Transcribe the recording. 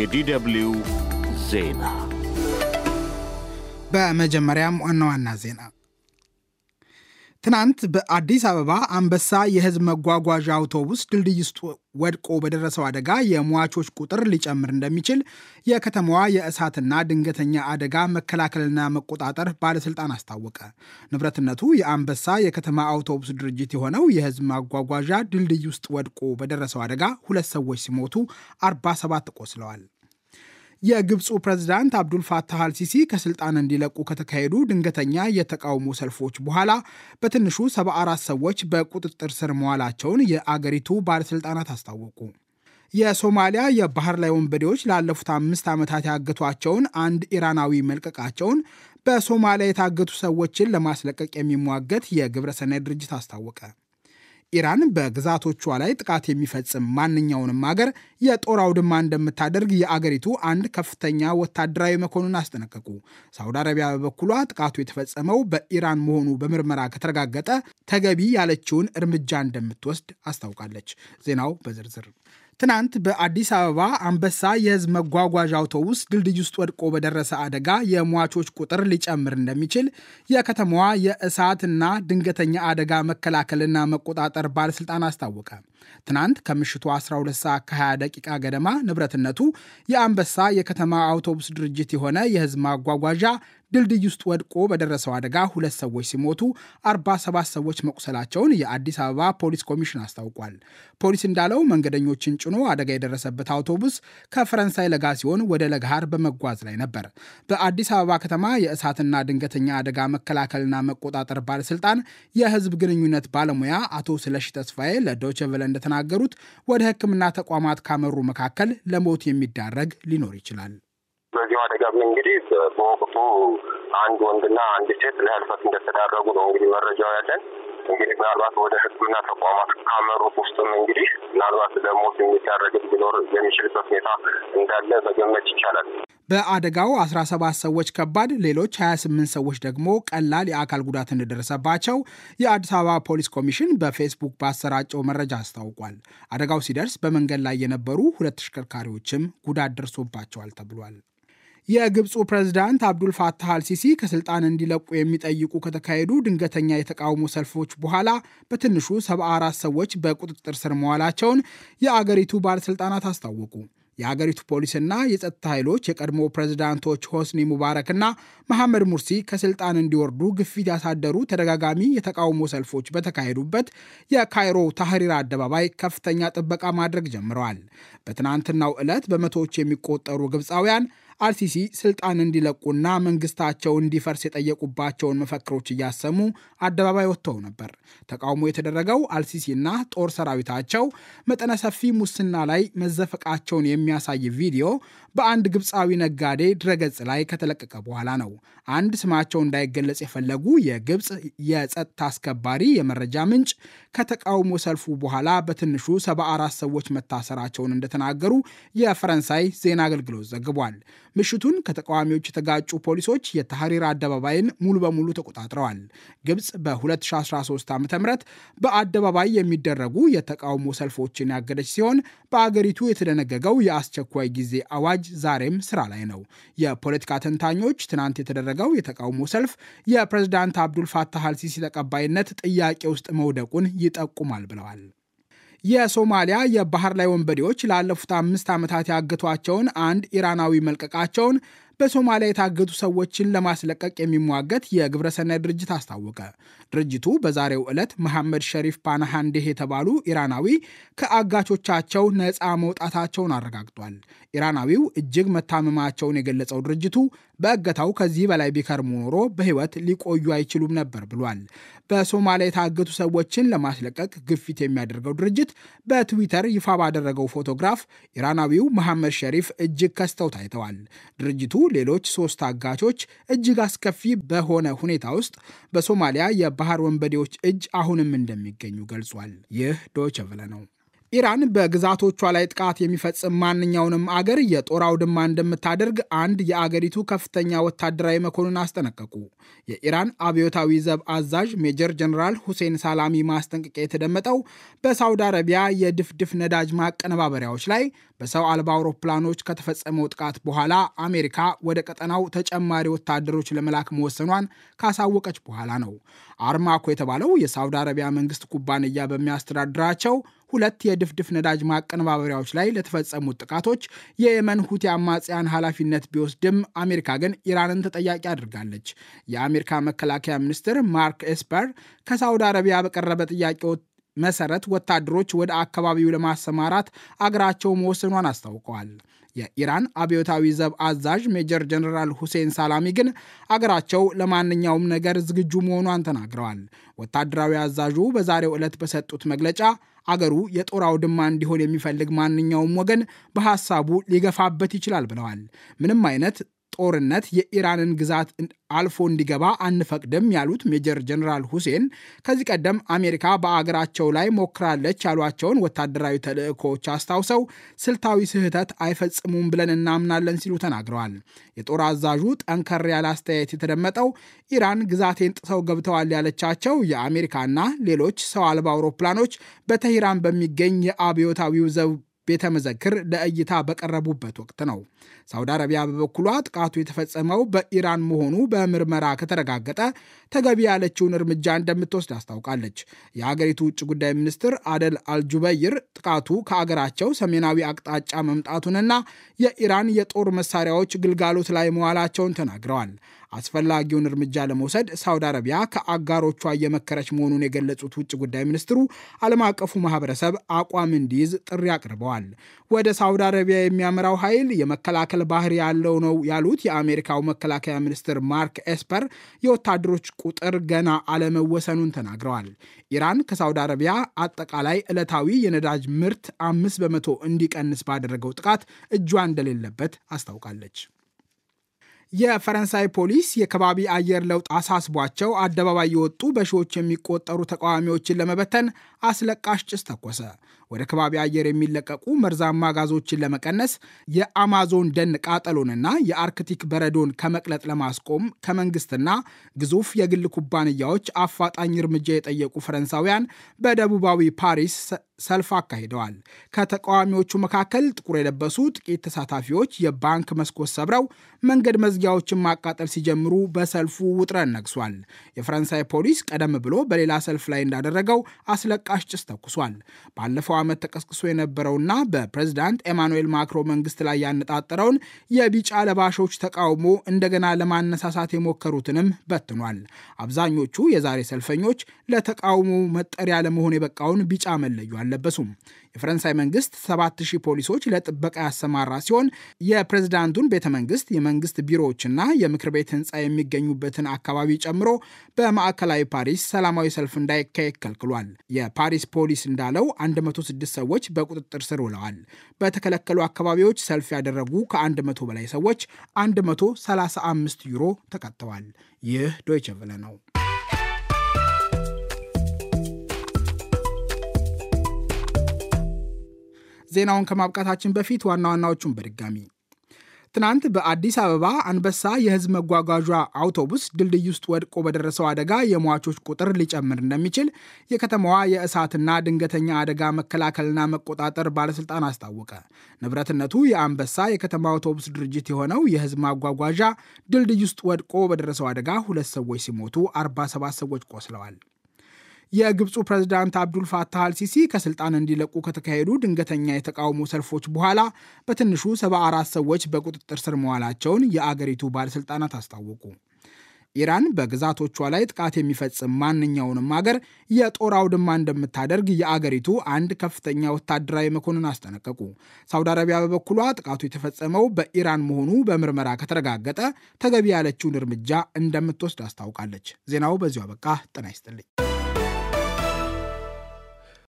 የዲደብልዩ ዜና በመጀመሪያም ዋና ዋና ዜና ትናንት በአዲስ አበባ አንበሳ የህዝብ መጓጓዣ አውቶቡስ ድልድይ ውስጥ ወድቆ በደረሰው አደጋ የሟቾች ቁጥር ሊጨምር እንደሚችል የከተማዋ የእሳትና ድንገተኛ አደጋ መከላከልና መቆጣጠር ባለስልጣን አስታወቀ። ንብረትነቱ የአንበሳ የከተማ አውቶቡስ ድርጅት የሆነው የሕዝብ ማጓጓዣ ድልድይ ውስጥ ወድቆ በደረሰው አደጋ ሁለት ሰዎች ሲሞቱ 47 ቆስለዋል። የግብፁ ፕሬዝዳንት አብዱል ፋታህ አልሲሲ ከስልጣን እንዲለቁ ከተካሄዱ ድንገተኛ የተቃውሞ ሰልፎች በኋላ በትንሹ 74 ሰዎች በቁጥጥር ስር መዋላቸውን የአገሪቱ ባለስልጣናት አስታወቁ። የሶማሊያ የባህር ላይ ወንበዴዎች ላለፉት አምስት ዓመታት ያገቷቸውን አንድ ኢራናዊ መልቀቃቸውን በሶማሊያ የታገቱ ሰዎችን ለማስለቀቅ የሚሟገት የግብረሰናይ ድርጅት አስታወቀ። ኢራን በግዛቶቿ ላይ ጥቃት የሚፈጽም ማንኛውንም አገር የጦር አውድማ እንደምታደርግ የአገሪቱ አንድ ከፍተኛ ወታደራዊ መኮንን አስጠነቀቁ። ሳውዲ አረቢያ በበኩሏ ጥቃቱ የተፈጸመው በኢራን መሆኑ በምርመራ ከተረጋገጠ ተገቢ ያለችውን እርምጃ እንደምትወስድ አስታውቃለች። ዜናው በዝርዝር ትናንት በአዲስ አበባ አንበሳ የህዝብ መጓጓዣ አውቶቡስ ድልድይ ውስጥ ወድቆ በደረሰ አደጋ የሟቾች ቁጥር ሊጨምር እንደሚችል የከተማዋ የእሳትና ድንገተኛ አደጋ መከላከልና መቆጣጠር ባለስልጣን አስታወቀ። ትናንት ከምሽቱ 12 ሰዓት ከ20 ደቂቃ ገደማ ንብረትነቱ የአንበሳ የከተማ አውቶቡስ ድርጅት የሆነ የህዝብ ማጓጓዣ ድልድይ ውስጥ ወድቆ በደረሰው አደጋ ሁለት ሰዎች ሲሞቱ 47 ሰዎች መቁሰላቸውን የአዲስ አበባ ፖሊስ ኮሚሽን አስታውቋል። ፖሊስ እንዳለው መንገደኞችን ጭኖ አደጋ የደረሰበት አውቶቡስ ከፈረንሳይ ለጋ ሲሆን ወደ ለገሃር በመጓዝ ላይ ነበር። በአዲስ አበባ ከተማ የእሳትና ድንገተኛ አደጋ መከላከልና መቆጣጠር ባለስልጣን የህዝብ ግንኙነት ባለሙያ አቶ ስለሺ ተስፋዬ ለዶይቼ ቬለ እንደተናገሩት ወደ ሕክምና ተቋማት ካመሩ መካከል ለሞት የሚዳረግ ሊኖር ይችላል። በዚሁ አደጋ እንግዲህ በወቅቱ አንድ ወንድና አንድ ሴት ለህልፈት እንደተዳረጉ ነው እንግዲህ መረጃው ያለን። እንግዲህ ምናልባት ወደ ሕክምና ተቋማት ካመሩት ውስጥም እንግዲህ ምናልባት ለሞት የሚዳረግም ሊኖር የሚችልበት ሁኔታ እንዳለ መገመት ይቻላል። በአደጋው 17 ሰዎች ከባድ፣ ሌሎች 28 ሰዎች ደግሞ ቀላል የአካል ጉዳት እንደደረሰባቸው የአዲስ አበባ ፖሊስ ኮሚሽን በፌስቡክ ባሰራጨው መረጃ አስታውቋል። አደጋው ሲደርስ በመንገድ ላይ የነበሩ ሁለት ተሽከርካሪዎችም ጉዳት ደርሶባቸዋል ተብሏል። የግብፁ ፕሬዝዳንት አብዱል ፋታህ አልሲሲ ከስልጣን እንዲለቁ የሚጠይቁ ከተካሄዱ ድንገተኛ የተቃውሞ ሰልፎች በኋላ በትንሹ 74 ሰዎች በቁጥጥር ስር መዋላቸውን የአገሪቱ ባለስልጣናት አስታወቁ። የአገሪቱ ፖሊስና የጸጥታ ኃይሎች የቀድሞ ፕሬዝዳንቶች ሆስኒ ሙባረክና መሐመድ ሙርሲ ከስልጣን እንዲወርዱ ግፊት ያሳደሩ ተደጋጋሚ የተቃውሞ ሰልፎች በተካሄዱበት የካይሮ ታህሪር አደባባይ ከፍተኛ ጥበቃ ማድረግ ጀምረዋል። በትናንትናው ዕለት በመቶዎች የሚቆጠሩ ግብፃውያን አርሲሲ ስልጣን እንዲለቁና መንግስታቸው እንዲፈርስ የጠየቁባቸውን መፈክሮች እያሰሙ አደባባይ ወጥተው ነበር። ተቃውሞ የተደረገው አልሲሲና ጦር ሰራዊታቸው መጠነ ሰፊ ሙስና ላይ መዘፈቃቸውን የሚያሳይ ቪዲዮ በአንድ ግብፃዊ ነጋዴ ድረገጽ ላይ ከተለቀቀ በኋላ ነው። አንድ ስማቸው እንዳይገለጽ የፈለጉ የግብፅ የጸጥታ አስከባሪ የመረጃ ምንጭ ከተቃውሞ ሰልፉ በኋላ በትንሹ ሰባ አራት ሰዎች መታሰራቸውን እንደተናገሩ የፈረንሳይ ዜና አገልግሎት ዘግቧል። ምሽቱን ከተቃዋሚዎች የተጋጩ ፖሊሶች የተሐሪር አደባባይን ሙሉ በሙሉ ተቆጣጥረዋል። ግብፅ በ2013 ዓ ም በአደባባይ የሚደረጉ የተቃውሞ ሰልፎችን ያገደች ሲሆን በአገሪቱ የተደነገገው የአስቸኳይ ጊዜ አዋጅ ዛሬም ስራ ላይ ነው። የፖለቲካ ተንታኞች ትናንት የተደረገው የተቃውሞ ሰልፍ የፕሬዝዳንት አብዱል ፋታህ አልሲሲ ተቀባይነት ጥያቄ ውስጥ መውደቁን ይጠቁማል ብለዋል። የሶማሊያ የባህር ላይ ወንበዴዎች ላለፉት አምስት ዓመታት ያገቷቸውን አንድ ኢራናዊ መልቀቃቸውን በሶማሊያ የታገቱ ሰዎችን ለማስለቀቅ የሚሟገት የግብረሰናይ ድርጅት አስታወቀ። ድርጅቱ በዛሬው ዕለት መሐመድ ሸሪፍ ፓናሃንዴህ የተባሉ ኢራናዊ ከአጋቾቻቸው ነፃ መውጣታቸውን አረጋግጧል። ኢራናዊው እጅግ መታመማቸውን የገለጸው ድርጅቱ በእገታው ከዚህ በላይ ቢከርሙ ኖሮ በሕይወት ሊቆዩ አይችሉም ነበር ብሏል። በሶማሊያ የታገቱ ሰዎችን ለማስለቀቅ ግፊት የሚያደርገው ድርጅት በትዊተር ይፋ ባደረገው ፎቶግራፍ ኢራናዊው መሐመድ ሸሪፍ እጅግ ከስተው ታይተዋል። ድርጅቱ ሌሎች ሶስት አጋቾች እጅግ አስከፊ በሆነ ሁኔታ ውስጥ በሶማሊያ የባህር ወንበዴዎች እጅ አሁንም እንደሚገኙ ገልጿል። ይህ ዶይቼ ነው። ኢራን በግዛቶቿ ላይ ጥቃት የሚፈጽም ማንኛውንም አገር የጦር አውድማ እንደምታደርግ አንድ የአገሪቱ ከፍተኛ ወታደራዊ መኮንን አስጠነቀቁ። የኢራን አብዮታዊ ዘብ አዛዥ ሜጀር ጀነራል ሁሴን ሳላሚ ማስጠንቀቂያ የተደመጠው በሳውዲ አረቢያ የድፍድፍ ነዳጅ ማቀነባበሪያዎች ላይ በሰው አልባ አውሮፕላኖች ከተፈጸመው ጥቃት በኋላ አሜሪካ ወደ ቀጠናው ተጨማሪ ወታደሮች ለመላክ መወሰኗን ካሳወቀች በኋላ ነው። አርማኮ የተባለው የሳውዲ አረቢያ መንግስት ኩባንያ በሚያስተዳድራቸው ሁለት የድፍድፍ ነዳጅ ማቀነባበሪያዎች ላይ ለተፈጸሙት ጥቃቶች የየመን ሁቲ አማጽያን ኃላፊነት ቢወስድም አሜሪካ ግን ኢራንን ተጠያቂ አድርጋለች። የአሜሪካ መከላከያ ሚኒስትር ማርክ ኤስፐር ከሳውዲ አረቢያ በቀረበ ጥያቄ መሰረት ወታደሮች ወደ አካባቢው ለማሰማራት አገራቸው መወሰኗን አስታውቀዋል። የኢራን አብዮታዊ ዘብ አዛዥ ሜጀር ጀነራል ሁሴን ሳላሚ ግን አገራቸው ለማንኛውም ነገር ዝግጁ መሆኗን ተናግረዋል። ወታደራዊ አዛዡ በዛሬው ዕለት በሰጡት መግለጫ አገሩ የጦር አውድማ እንዲሆን የሚፈልግ ማንኛውም ወገን በሐሳቡ ሊገፋበት ይችላል ብለዋል። ምንም አይነት ጦርነት የኢራንን ግዛት አልፎ እንዲገባ አንፈቅድም ያሉት ሜጀር ጀነራል ሁሴን ከዚህ ቀደም አሜሪካ በአገራቸው ላይ ሞክራለች ያሏቸውን ወታደራዊ ተልዕኮዎች አስታውሰው ስልታዊ ስህተት አይፈጽሙም ብለን እናምናለን ሲሉ ተናግረዋል። የጦር አዛዡ ጠንከር ያለ አስተያየት የተደመጠው ኢራን ግዛቴን ጥሰው ገብተዋል ያለቻቸው የአሜሪካና ሌሎች ሰው አልባ አውሮፕላኖች በተሂራን በሚገኝ የአብዮታዊው ዘብ ቤተ መዘክር ለእይታ በቀረቡበት ወቅት ነው። ሳውዲ አረቢያ በበኩሏ ጥቃቱ የተፈጸመው በኢራን መሆኑ በምርመራ ከተረጋገጠ ተገቢ ያለችውን እርምጃ እንደምትወስድ አስታውቃለች። የአገሪቱ ውጭ ጉዳይ ሚኒስትር አደል አልጁበይር ጥቃቱ ከአገራቸው ሰሜናዊ አቅጣጫ መምጣቱንና የኢራን የጦር መሳሪያዎች ግልጋሎት ላይ መዋላቸውን ተናግረዋል። አስፈላጊውን እርምጃ ለመውሰድ ሳውዲ አረቢያ ከአጋሮቿ እየመከረች መሆኑን የገለጹት ውጭ ጉዳይ ሚኒስትሩ ዓለም አቀፉ ማህበረሰብ አቋም እንዲይዝ ጥሪ አቅርበዋል። ወደ ሳውዲ አረቢያ የሚያመራው ኃይል የመከላከል ባህር ያለው ነው ያሉት የአሜሪካው መከላከያ ሚኒስትር ማርክ ኤስፐር የወታደሮች ቁጥር ገና አለመወሰኑን ተናግረዋል። ኢራን ከሳውዲ አረቢያ አጠቃላይ ዕለታዊ የነዳጅ ምርት አምስት በመቶ እንዲቀንስ ባደረገው ጥቃት እጇ እንደሌለበት አስታውቃለች። የፈረንሳይ ፖሊስ የከባቢ አየር ለውጥ አሳስቧቸው አደባባይ የወጡ በሺዎች የሚቆጠሩ ተቃዋሚዎችን ለመበተን አስለቃሽ ጭስ ተኮሰ። ወደ ከባቢ አየር የሚለቀቁ መርዛማ ጋዞችን ለመቀነስ የአማዞን ደን ቃጠሎንና የአርክቲክ በረዶን ከመቅለጥ ለማስቆም ከመንግስትና ግዙፍ የግል ኩባንያዎች አፋጣኝ እርምጃ የጠየቁ ፈረንሳውያን በደቡባዊ ፓሪስ ሰልፍ አካሂደዋል። ከተቃዋሚዎቹ መካከል ጥቁር የለበሱ ጥቂት ተሳታፊዎች የባንክ መስኮት ሰብረው መንገድ መዝጊያዎችን ማቃጠል ሲጀምሩ በሰልፉ ውጥረት ነግሷል። የፈረንሳይ ፖሊስ ቀደም ብሎ በሌላ ሰልፍ ላይ እንዳደረገው አስለቃሽ ጭስ ተኩሷል። ባለፈው ዓመት ተቀስቅሶ የነበረውና በፕሬዝዳንት ኤማኑኤል ማክሮ መንግስት ላይ ያነጣጠረውን የቢጫ ለባሾች ተቃውሞ እንደገና ለማነሳሳት የሞከሩትንም በትኗል። አብዛኞቹ የዛሬ ሰልፈኞች ለተቃውሞ መጠሪያ ለመሆን የበቃውን ቢጫ መለዩ አልለበሱም። የፈረንሳይ መንግስት 7000 ፖሊሶች ለጥበቃ ያሰማራ ሲሆን የፕሬዝዳንቱን ቤተ መንግስት፣ የመንግስት ቢሮዎችና የምክር ቤት ህንፃ የሚገኙበትን አካባቢ ጨምሮ በማዕከላዊ ፓሪስ ሰላማዊ ሰልፍ እንዳይካሄድ ከልክሏል። የፓሪስ ፖሊስ እንዳለው 106 ሰዎች በቁጥጥር ስር ውለዋል። በተከለከሉ አካባቢዎች ሰልፍ ያደረጉ ከ100 በላይ ሰዎች 135 ዩሮ ተቀጥተዋል። ይህ ዶይቸ ቬለ ነው። ዜናውን ከማብቃታችን በፊት ዋና ዋናዎቹን በድጋሚ ትናንት በአዲስ አበባ አንበሳ የህዝብ መጓጓዣ አውቶቡስ ድልድይ ውስጥ ወድቆ በደረሰው አደጋ የሟቾች ቁጥር ሊጨምር እንደሚችል የከተማዋ የእሳትና ድንገተኛ አደጋ መከላከልና መቆጣጠር ባለስልጣን አስታወቀ። ንብረትነቱ የአንበሳ የከተማ አውቶቡስ ድርጅት የሆነው የህዝብ ማጓጓዣ ድልድይ ውስጥ ወድቆ በደረሰው አደጋ ሁለት ሰዎች ሲሞቱ 47 ሰዎች ቆስለዋል። የግብፁ ፕሬዝዳንት አብዱል ፋታህ አልሲሲ ከስልጣን እንዲለቁ ከተካሄዱ ድንገተኛ የተቃውሞ ሰልፎች በኋላ በትንሹ 74 ሰዎች በቁጥጥር ስር መዋላቸውን የአገሪቱ ባለሥልጣናት አስታወቁ። ኢራን በግዛቶቿ ላይ ጥቃት የሚፈጽም ማንኛውንም አገር የጦር አውድማ እንደምታደርግ የአገሪቱ አንድ ከፍተኛ ወታደራዊ መኮንን አስጠነቀቁ። ሳውዲ አረቢያ በበኩሏ ጥቃቱ የተፈጸመው በኢራን መሆኑ በምርመራ ከተረጋገጠ ተገቢ ያለችውን እርምጃ እንደምትወስድ አስታውቃለች። ዜናው በዚሁ አበቃ። ጤና ይስጥልኝ።